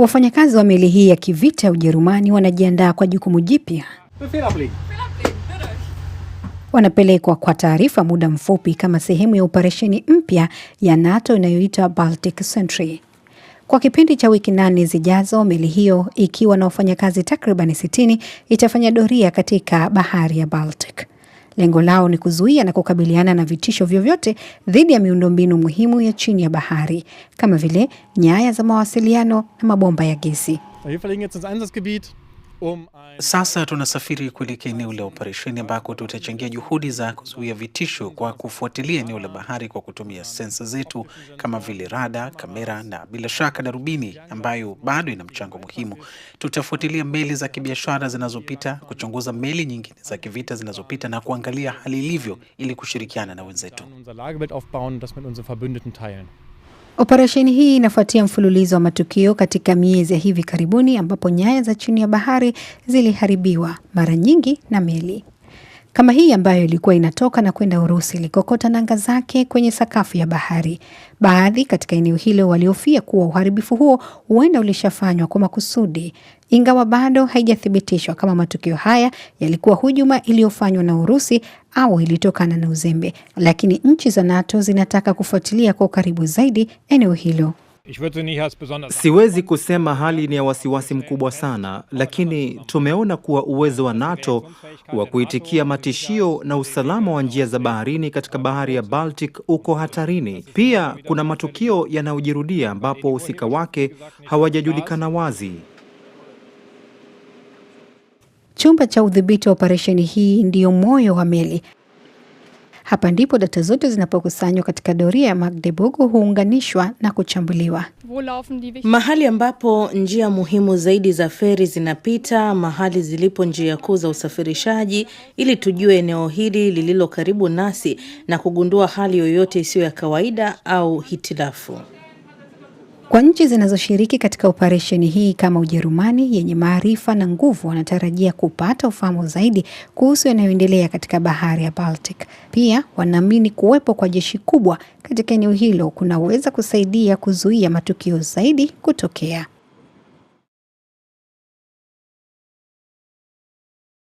Wafanyakazi wa meli hii ya kivita ya Ujerumani wanajiandaa kwa jukumu jipya. Wanapelekwa kwa taarifa muda mfupi kama sehemu ya operesheni mpya ya NATO inayoitwa Baltic Sentry. Kwa kipindi cha wiki nane zijazo, meli hiyo ikiwa na wafanyakazi takribani 60 itafanya doria katika bahari ya Baltic. Lengo lao ni kuzuia na kukabiliana na vitisho vyovyote dhidi ya miundombinu muhimu ya chini ya bahari kama vile nyaya za mawasiliano na mabomba ya gesi. Sasa tunasafiri kuelekea eneo la operesheni ambako tutachangia juhudi za kuzuia vitisho kwa kufuatilia eneo la bahari kwa kutumia sensa zetu kama vile rada, kamera na bila shaka darubini ambayo bado ina mchango muhimu. Tutafuatilia meli za kibiashara zinazopita, kuchunguza meli nyingine za kivita zinazopita na kuangalia hali ilivyo ili kushirikiana na wenzetu. Operesheni hii inafuatia mfululizo wa matukio katika miezi ya hivi karibuni ambapo nyaya za chini ya bahari ziliharibiwa mara nyingi na meli kama hii ambayo ilikuwa inatoka na kwenda Urusi ilikokota nanga zake kwenye sakafu ya bahari. Baadhi katika eneo hilo walihofia kuwa uharibifu huo huenda ulishafanywa kwa makusudi, ingawa bado haijathibitishwa kama matukio haya yalikuwa hujuma iliyofanywa na Urusi au ilitokana na uzembe, lakini nchi za NATO zinataka kufuatilia kwa ukaribu zaidi eneo hilo. Siwezi kusema hali ni ya wasiwasi mkubwa sana, lakini tumeona kuwa uwezo wa NATO wa kuitikia matishio na usalama wa njia za baharini katika bahari ya Baltic uko hatarini. Pia kuna matukio yanayojirudia ambapo wahusika wake hawajajulikana wazi. Chumba cha udhibiti wa operesheni hii ndiyo moyo wa meli hapa ndipo data zote zinapokusanywa katika doria ya Magdeburg huunganishwa na kuchambuliwa. Mahali ambapo njia muhimu zaidi za feri zinapita, mahali zilipo njia kuu za usafirishaji, ili tujue eneo hili lililo karibu nasi na kugundua hali yoyote isiyo ya kawaida au hitilafu. Kwa nchi zinazoshiriki katika operesheni hii kama Ujerumani yenye maarifa na nguvu, wanatarajia kupata ufahamu zaidi kuhusu yanayoendelea katika bahari ya Baltic. Pia wanaamini kuwepo kwa jeshi kubwa katika eneo hilo kunaweza kusaidia kuzuia matukio zaidi kutokea.